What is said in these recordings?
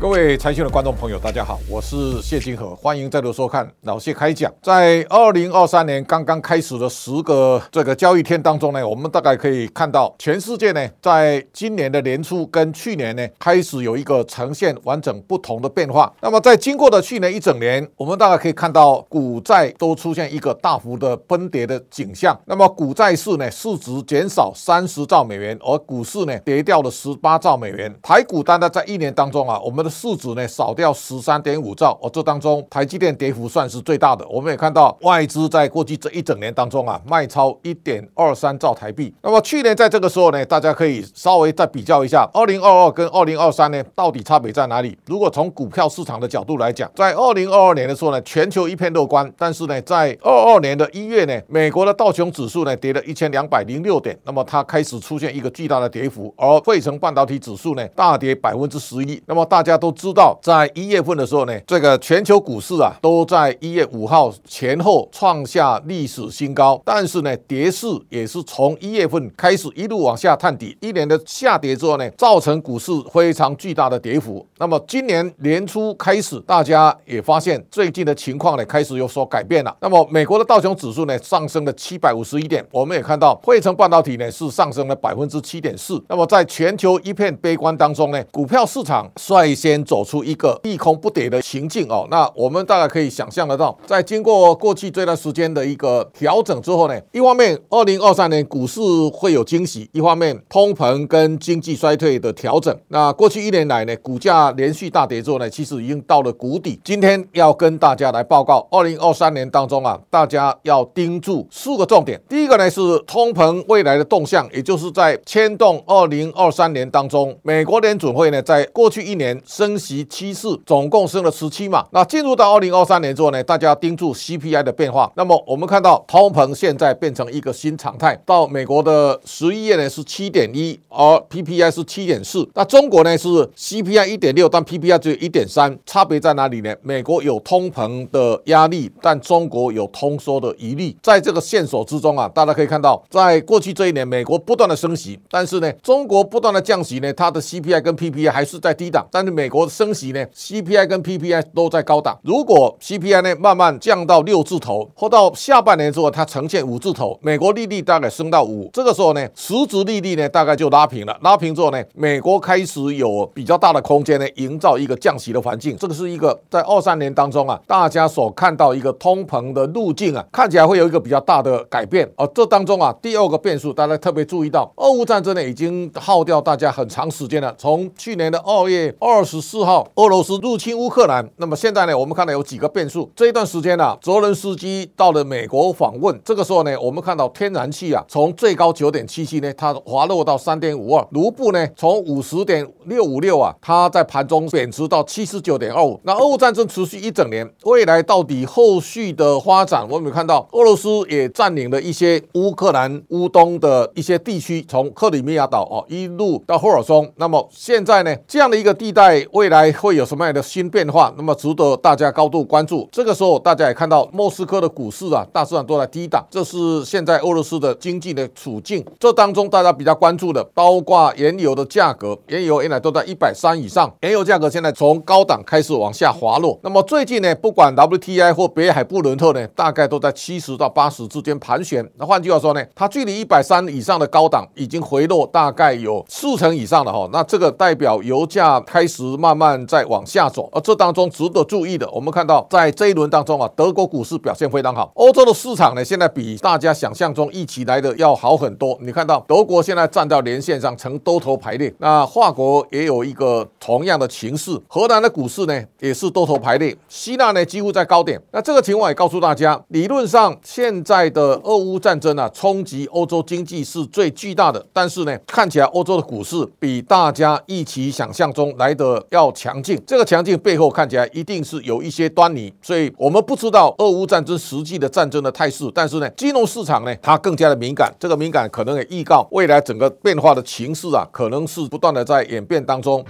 各位財訊的觀眾朋友，大家好，我是謝金河，歡迎再度收看老謝開講。在二零二三年剛剛開始的十個這個交易天當中呢，我們大概可以看到，全世界呢，在今年的年初跟去年呢，開始有一個呈現完整不同的變化。那麼在經過的去年一整年，我們大概可以看到，股債都出現一個大幅的崩跌的景象。那麼股債市呢，市值減少三十兆美元，而股市呢，跌掉了十八兆美元。台股單單在一年當中啊，我們的市值呢少掉十三點五兆哦，這當中台積電跌幅算是最大的。我們也看到外資在過去這一整年當中啊，賣超一點二三兆台幣。那麼去年在這個時候呢，大家可以稍微再比較一下，二零二二跟二零二三呢到底差別在哪裡？如果從股票市場的角度來講，在二零二二年的時候呢，全球一片樂觀，但是呢，在二二年的一月呢，美國的道瓊指數呢跌了一千兩百零六點，那麼它開始出現一個巨大的跌幅，而費城半導體指數呢大跌百分之十一，那麼大家都知道，在一月份的時候呢，這個全球股市啊都在一月五號前後創下歷史新高。但是呢，跌勢也是從一月份開始一路往下探底，一年的下跌之後呢，造成股市非常巨大的跌幅。那麼今年年初開始，大家也發現最近的情況呢開始有所改變了。那麼美國的道瓊指數呢上升了七百五十一點，我們也看到匯成半導體呢是上升了百分之七點四。那麼在全球一片悲觀當中呢，股票市場率先。先走出一個利空不跌的情境哦，那我們大家可以想象得到，在經過過去這段時間的一個調整之後呢，一方面，二零二三年股市會有驚喜，一方面，通膨跟經濟衰退的調整。那過去一年來呢，股價連續大跌之後呢，其實已經到了谷底。今天要跟大家來報告，二零二三年當中啊，大家要盯住四個重點。第一個呢是通膨未來的動向，也就是在牽動二零二三年當中，美國聯準會呢，在過去一年。升息七次，總共升了十七碼。那進入到二零二三年之後呢，大家要盯住 CPI 的變化。那麼我們看到通膨現在變成一個新常態。到美國的十一月呢是七點一，而 PPI 是七點四。那中國呢是 CPI 一點六，但 PPI 只有一點三。差別在哪裡呢？美國有通膨的壓力，但中國有通縮的餘力。在這個線索之中啊，大家可以看到，在過去這一年，美國不斷的升息，但是呢，中國不斷的降息呢，它的 CPI 跟 PPI 還是在低檔，但是美。國的升息呢，CPI 跟 PPI 都在高檔。如果 CPI 呢慢慢降到六字頭，或到下半年之後它呈現五字頭，美國利率大概升到五。這個時候呢，實質利率呢大概就拉平了。拉平之後呢，美國開始有比較大的空間呢，營造一個降息的環境。這個是一個在二三年當中啊，大家所看到一個通膨的路徑啊，看起來會有一個比較大的改變。而，呃，這當中啊，第二個變數大家特別注意到，俄烏戰爭呢已經耗掉大家很長時間了，從去年的二月二十。四號，俄羅斯入侵烏克蘭。那麼現在呢，我們看到有幾個變數。這一段時間呢、啊，澤倫斯基到了美國訪問。這個時候呢，我們看到天然氣啊，從最高九點七七呢，它滑落到三點五二盧布呢，從五十點六五六啊，它在盤中貶值到七十九點二五。那俄烏戰爭持續一整年，未來到底後續的發展，我們看到俄羅斯也占領了一些烏克蘭烏東的一些地區，從克里米亞島哦、啊，一路到赫爾松。那麼現在呢，這樣的一個地帶。未來會有什麼樣的新變化？那麼值得大家高度關注。這個時候，大家也看到莫斯科的股市啊，大市場都在低檔，這是現在俄羅斯的經濟的處境。這當中大家比較關注的，包括原油的價格，原油原來都在一百三以上。原油價格現在從高檔開始往下滑落。那麼最近呢，不管 WTI 或北海布倫特呢，大概都在七十到八十之間盤旋。那換句話說呢，它距離一百三以上的高檔已經回落大概有四成以上了哈。那這個代表油價開始。慢慢在往下走，而這當中值得注意的，我們看到在這一輪當中啊，德國股市表現非常好，歐洲的市場呢，現在比大家想象中一起來的要好很多。你看到德國現在站到連線上呈，多頭排列，那法國也有一個同樣的情勢，荷蘭的股市呢也是多頭排列，希臘呢幾乎在高點。那這個情況也告訴大家，理論上現在的俄烏戰爭啊，衝擊歐洲經濟是最巨大的，但是呢，看起來歐洲的股市比大家一起想象中來的。要強勁，這個強勁背後看起來一定是有一些端倪，所以我們不知道俄烏戰爭實際的戰爭的態勢，但是呢，金融市場呢它，更加的敏感，這個敏感可能也預告未來整個變化的情勢啊，可能是不斷的在演變當中。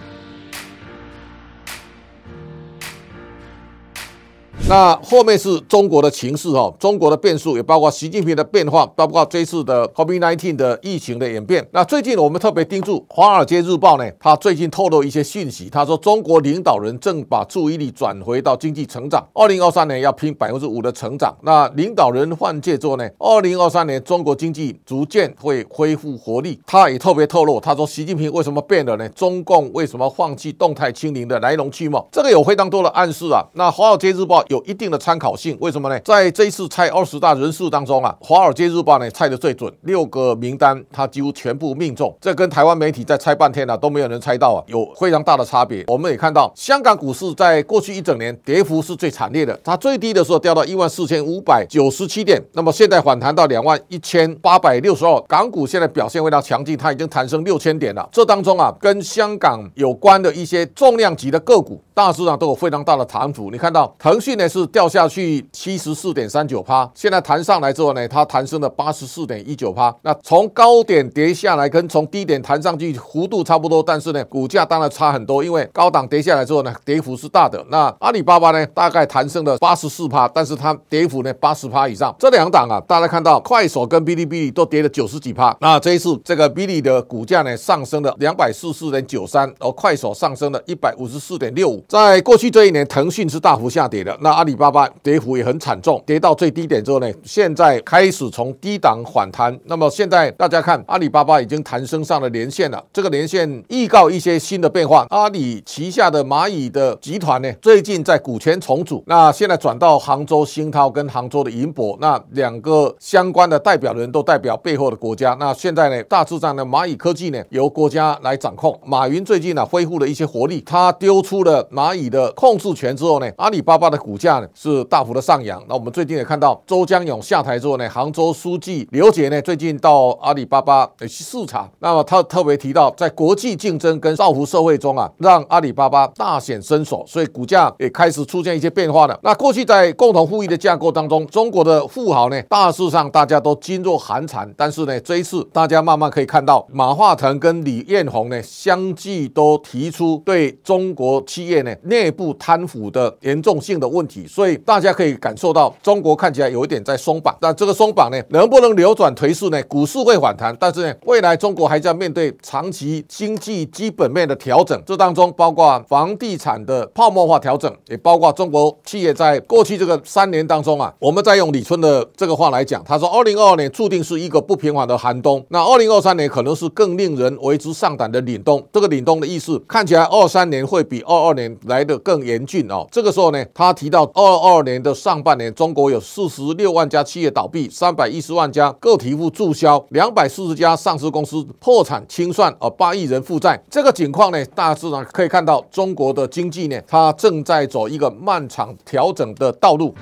那後面是中國的情勢哦，中國的變數也包括習近平的變化，包括這次的 COVID-19 的疫情的演變。那最近我們特別盯住《華爾街日報》呢，他最近透露一些訊息，他說中國領導人正把注意力轉回到經濟成長，二零二三年要拼百分之五的成長。那領導人換屆之後呢，二零二三年中國經濟逐漸會恢復活力。他也特別透露，他說習近平為什麼變了呢？中共為什麼放棄動態清零的來龍去脈？這個有非常多的暗示啊。那《華爾街日報》有。一定的參考性，為什麼呢？在這一次猜二十大人數當中啊，華爾街日報呢猜得最準，六個名單它幾乎全部命中，這跟台灣媒體在猜半天了、啊、都沒有人猜到啊，有非常大的差別。我們也看到香港股市在過去一整年跌幅是最慘烈的，它最低的時候掉到一萬四千五百九十七點，那麼現在反彈到兩萬一千八百六十二，港股現在表現非常強勁，它已經彈升六千點了。這當中啊，跟香港有關的一些重量級的個股，大致上都有非常大的漲幅。你看到騰訊呢？是掉下去七十四點三九趴，現在彈上來之後呢，它彈升了八十四點一九趴。那從高點跌下來跟從低點彈上去弧度差不多，但是呢，股價當然差很多，因為高檔跌下來之後呢，跌幅是大的。那阿里巴巴呢，大概彈升了八十四趴，但是它跌幅呢八十趴以上。這兩檔啊，大家看到快手跟嗶哩嗶哩都跌了九十幾趴。那這一次這個嗶哩的股價呢上升了兩百四十四點九三，而快手上升了一百五十四點六五。在過去這一年，騰訊是大幅下跌的。那。阿里巴巴跌幅也很慘重，跌到最低點之後呢，現在開始從低檔反彈。那麼現在大家看，阿里巴巴已經彈升上了年線了，這個年線預告一些新的變化。阿里旗下的螞蟻的集團呢，最近在股權重組，那現在轉到杭州星滔跟杭州的銀博，那兩個相關的代表人都代表背後的國家。那現在呢，大致上呢，螞蟻科技呢由國家來掌控。馬雲最近呢、啊、恢復了一些活力，他丟出了螞蟻的控制權之後呢，阿里巴巴的股價，是大幅的上揚。那我們最近也看到周江勇下台之後呢，杭州書記劉杰呢，最近到阿里巴巴視察，那麼他特別提到，在國際競爭跟造福社會中啊，讓阿里巴巴大顯身手，所以股價也開始出現一些變化了。那過去在共同富裕的架構當中，中國的富豪呢，大致上大家都噤若寒蟬，但是呢，這一次大家慢慢可以看到，馬化騰跟李彥宏呢，相繼都提出對中國企業呢內部貪腐的嚴重性的問題。所以大家可以感受到，中國看起來有一點在鬆綁，但這個鬆綁呢，能不能扭轉頹勢呢？股市會反彈，但是呢，未來中國還將面對長期經濟基本面的調整，這當中包括房地產的泡沫化調整，也包括中國企業在過去這個三年當中啊，我們再用李春的這個話來講，他說，二零二二年注定是一個不平凡的寒冬，那二零二三年可能是更令人為之上膽的凜冬，這個凜冬的意思，看起來二三年會比二二年來得更嚴峻哦，這個時候呢，他提到。二二年的上半年，中國有四十六萬家企業倒閉，三百一十萬家個體戶注銷，兩百四十家上市公司破產清算，而、呃、八億人負債。這個情況呢，大致上可以看到中國的經濟呢，它正在走一個漫長調整的道路。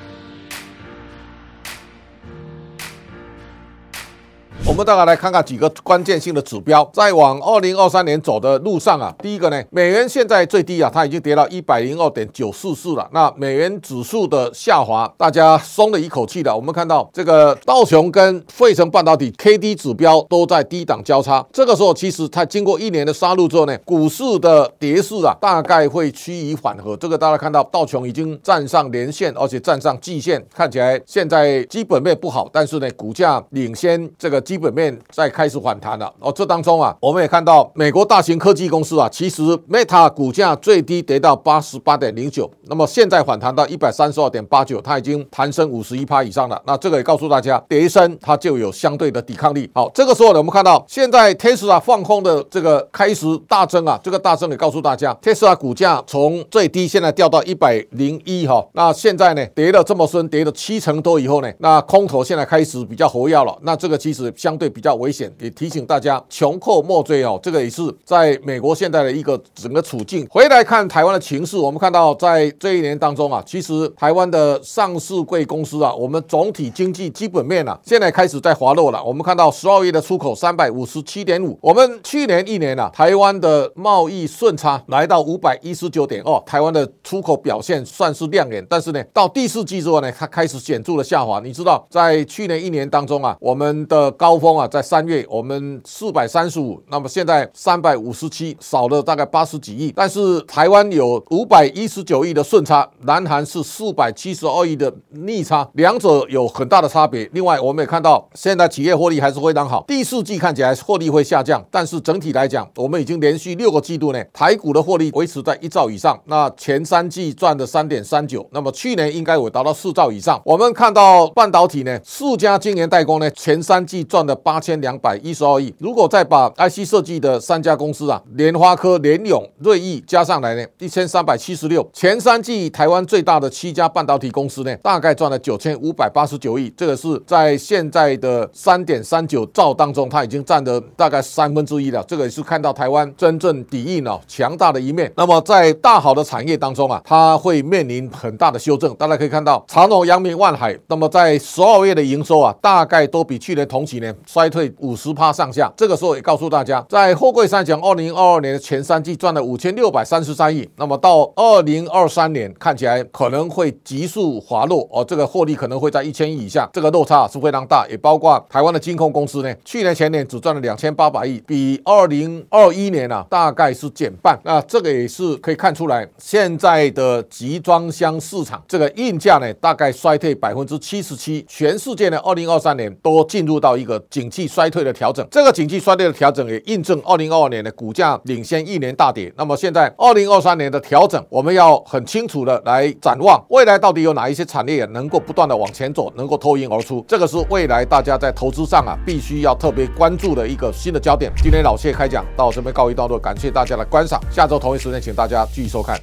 我們大概來看看幾個關鍵性的指標，在往二零二三年走的路上啊，第一個呢，美元現在最低啊，它已經跌到一百零二點九四四了。那美元指數的下滑，大家鬆了一口氣的，我們看到這個道瓊跟費城半導體 KD 指標都在低檔交叉，這個時候其實它經過一年的殺戮之後呢，股市的跌勢啊，大概會趨於緩和。這個大家看到道瓊已經站上連線，而且站上季線，看起來現在基本面不好，但是呢，股價領先這個基。基本面在開始反彈了哦，這當中啊，我們也看到美國大型科技公司啊，其實 Meta 股價最低跌到八十八點零九，那麼現在反彈到一百三十二點八九，它已經彈升五十一趴以上了。那這個也告訴大家，跌深它就有相對的抵抗力。好，這個時候呢，我們看到現在 Tesla 放空的這個開始大增啊，這個大增也告訴大家，Tesla 股價從最低現在掉到一百零一哈，那現在呢跌了這麼深，跌了七成多以後呢，那空頭現在開始比較活躍了，那這個其實。相對比較危險，也提醒大家窮寇莫追哦。這個也是在美國現在的一個整個處境。回來看台灣的情勢，我們看到在這一年當中啊，其實台灣的上市櫃公司啊，我們總體經濟基本面啊，現在開始在滑落了。我們看到十二月的出口三百五十七點五，我們去年一年啊，台灣的貿易順差來到五百一十九點二，台灣的出口表現算是亮眼，但是呢，到第四季之後呢，它開始顯著的下滑。你知道，在去年一年當中啊，我們的高峰啊，在三月我們四百三十五，那麼現在三百五十七，少了大概八十幾億。但是台灣有五百一十九億的順差，南韓是四百七十二億的逆差，兩者有很大的差別。另外我們也看到，現在企業獲利還是非常好。第四季看起來獲利會下降，但是整體來講，我們已經連續六個季度呢，台股的獲利維持在一兆以上。那前三季賺的三點三九，那麼去年應該有達到四兆以上。我們看到半導體呢，四家晶圓代工呢，前三季賺。的八千兩百一十二億，如果再把 IC 設計的三家公司啊，聯發科、聯詠、瑞昱加上來呢，一千三百七十六。前三季台灣最大的七家半導體公司呢，大概賺了九千五百八十九億，這個是在現在的三點三九兆當中，它已經占了大概三分之一了。這個也是看到台灣真正底蘊啊強大的一面。那麼在大好的產業當中啊，它會面臨很大的修正。大家可以看到，長榮、陽明、萬海，那麼在十二月的營收啊，大概都比去年同期呢。衰退五十趴上下，這個時候也告訴大家，在貨櫃上講，二零二二年的前三季賺了五千六百三十三億，那麼到二零二三年看起來可能會急速滑落哦，這個獲利可能會在一千億以下，這個落差是非常大，也包括台灣的金控公司呢，去年前年只賺了兩千八百億，比二零二一年呢，啊，大概是減半，那這個也是可以看出來，現在的集裝箱市場這個運價呢大概衰退百分之七十七，全世界呢二零二三年都進入到一個。景氣衰退的調整，這個景氣衰退的調整也印證二零二二年的股價領先一年大跌。那麼現在二零二三年的調整，我們要很清楚的來展望未來，到底有哪一些產業能夠不斷的往前走，能夠脫穎而出？這個是未來大家在投資上啊，必須要特別關注的一個新的焦點。今天老謝開講到這邊告一段落，感謝大家的觀賞，下周同一時間請大家繼續收看。